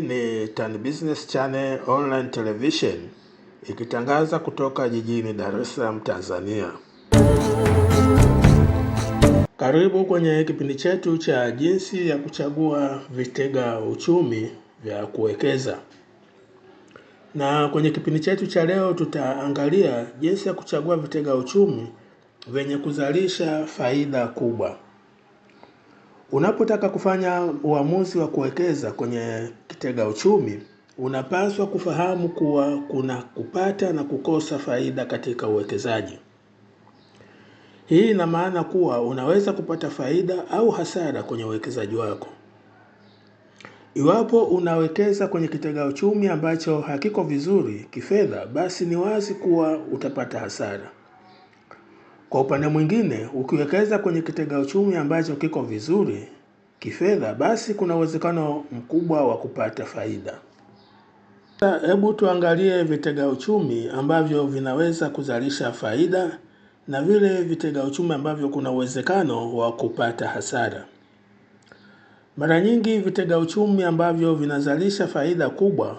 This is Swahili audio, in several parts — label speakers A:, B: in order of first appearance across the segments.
A: ni Tan Business Channel Online Television ikitangaza kutoka jijini Dar es Salaam, Tanzania. Karibu kwenye kipindi chetu cha jinsi ya kuchagua vitega uchumi vya kuwekeza. Na kwenye kipindi chetu cha leo tutaangalia jinsi ya kuchagua vitega uchumi vyenye kuzalisha faida kubwa. Unapotaka kufanya uamuzi wa kuwekeza kwenye kitega uchumi, unapaswa kufahamu kuwa kuna kupata na kukosa faida katika uwekezaji. Hii ina maana kuwa unaweza kupata faida au hasara kwenye uwekezaji wako. Iwapo unawekeza kwenye kitega uchumi ambacho hakiko vizuri kifedha, basi ni wazi kuwa utapata hasara. Kwa upande mwingine, ukiwekeza kwenye kitega uchumi ambacho kiko vizuri kifedha, basi kuna uwezekano mkubwa wa kupata faida. Hebu tuangalie vitega uchumi ambavyo vinaweza kuzalisha faida na vile vitega uchumi ambavyo kuna uwezekano wa kupata hasara. Mara nyingi vitega uchumi ambavyo vinazalisha faida kubwa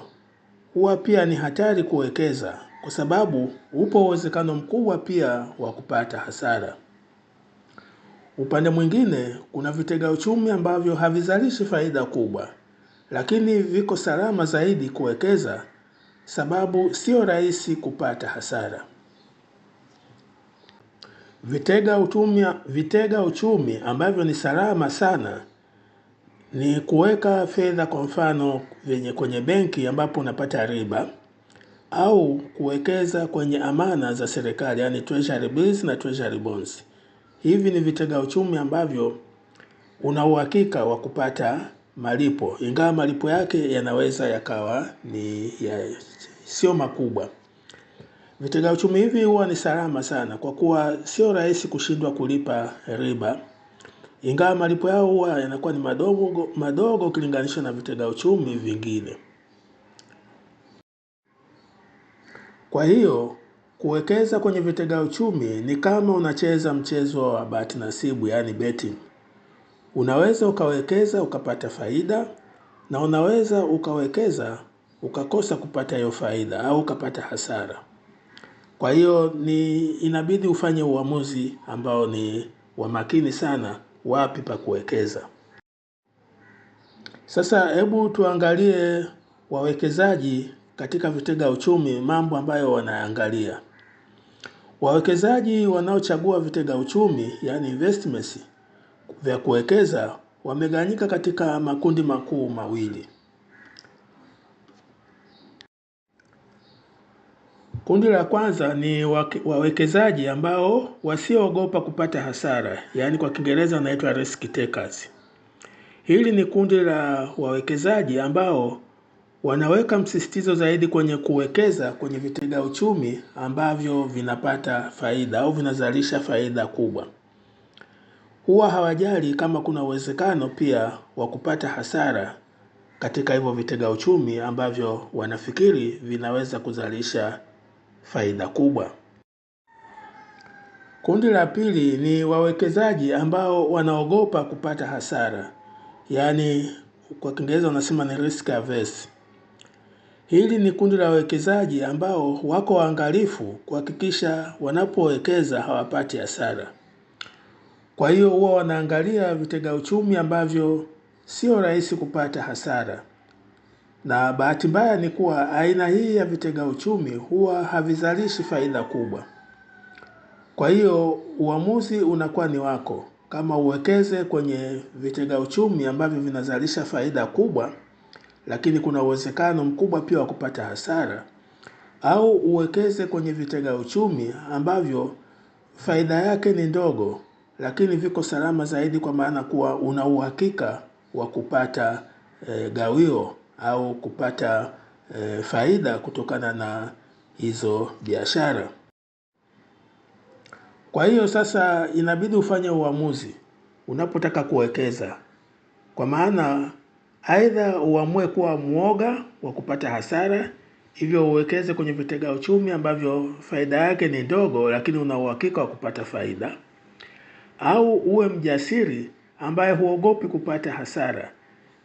A: huwa pia ni hatari kuwekeza kwa sababu upo uwezekano mkubwa pia wa kupata hasara. Upande mwingine, kuna vitega uchumi ambavyo havizalishi faida kubwa, lakini viko salama zaidi kuwekeza sababu sio rahisi kupata hasara. Vitega uchumi, vitega uchumi ambavyo ni salama sana ni kuweka fedha kwa mfano venye kwenye benki ambapo unapata riba au kuwekeza kwenye amana za serikali, yani treasury bills na treasury bonds. Hivi ni vitega uchumi ambavyo una uhakika wa kupata malipo, ingawa malipo yake yanaweza yakawa ni ya, sio makubwa. Vitega uchumi hivi huwa ni salama sana kwa kuwa sio rahisi kushindwa kulipa riba, ingawa malipo yao huwa yanakuwa ni madogo madogo ukilinganisha na vitega uchumi vingine. Kwa hiyo kuwekeza kwenye vitega uchumi ni kama unacheza mchezo wa bahati nasibu, yaani betting. Unaweza ukawekeza ukapata faida na unaweza ukawekeza ukakosa kupata hiyo faida au ukapata hasara. Kwa hiyo ni inabidi ufanye uamuzi ambao ni wa makini sana wapi pa kuwekeza. Sasa hebu tuangalie wawekezaji katika vitega uchumi mambo ambayo wanaangalia. Wawekezaji wanaochagua vitega uchumi yani investments vya kuwekeza wamegawanyika katika makundi makuu mawili. Kundi la kwanza ni wawekezaji ambao wasioogopa kupata hasara, yaani kwa Kiingereza wanaitwa risk takers. Hili ni kundi la wawekezaji ambao wanaweka msisitizo zaidi kwenye kuwekeza kwenye vitega uchumi ambavyo vinapata faida au vinazalisha faida kubwa. Huwa hawajali kama kuna uwezekano pia wa kupata hasara katika hivyo vitega uchumi ambavyo wanafikiri vinaweza kuzalisha faida kubwa. Kundi la pili ni wawekezaji ambao wanaogopa kupata hasara, yaani kwa Kiingereza wanasema ni risk averse. Hili ni kundi la wawekezaji ambao wako waangalifu kuhakikisha wanapowekeza hawapati hasara. Kwa hiyo huwa wanaangalia vitega uchumi ambavyo sio rahisi kupata hasara, na bahati mbaya ni kuwa aina hii ya vitega uchumi huwa havizalishi faida kubwa. Kwa hiyo uamuzi unakuwa ni wako, kama uwekeze kwenye vitega uchumi ambavyo vinazalisha faida kubwa lakini kuna uwezekano mkubwa pia wa kupata hasara, au uwekeze kwenye vitega uchumi ambavyo faida yake ni ndogo, lakini viko salama zaidi, kwa maana kuwa una uhakika wa kupata e, gawio au kupata e, faida kutokana na hizo biashara. Kwa hiyo sasa inabidi ufanye uamuzi unapotaka kuwekeza, kwa maana Aidha, uamue kuwa mwoga wa kupata hasara, hivyo uwekeze kwenye vitega uchumi ambavyo faida yake ni ndogo, lakini una uhakika wa kupata faida. Au uwe mjasiri ambaye huogopi kupata hasara,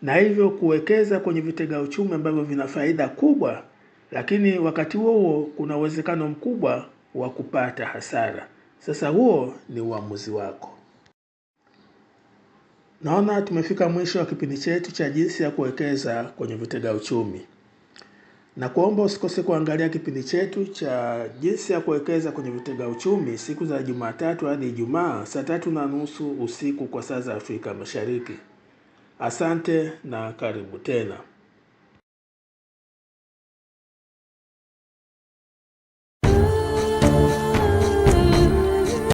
A: na hivyo kuwekeza kwenye vitega uchumi ambavyo vina faida kubwa, lakini wakati huo huo kuna uwezekano mkubwa wa kupata hasara. Sasa huo ni uamuzi wako. Naona tumefika mwisho wa kipindi chetu cha jinsi ya kuwekeza kwenye vitega uchumi. Na kuomba usikose kuangalia kipindi chetu cha jinsi ya kuwekeza kwenye vitega uchumi siku za Jumatatu hadi Ijumaa saa tatu na nusu usiku kwa saa za Afrika Mashariki. Asante na karibu tena.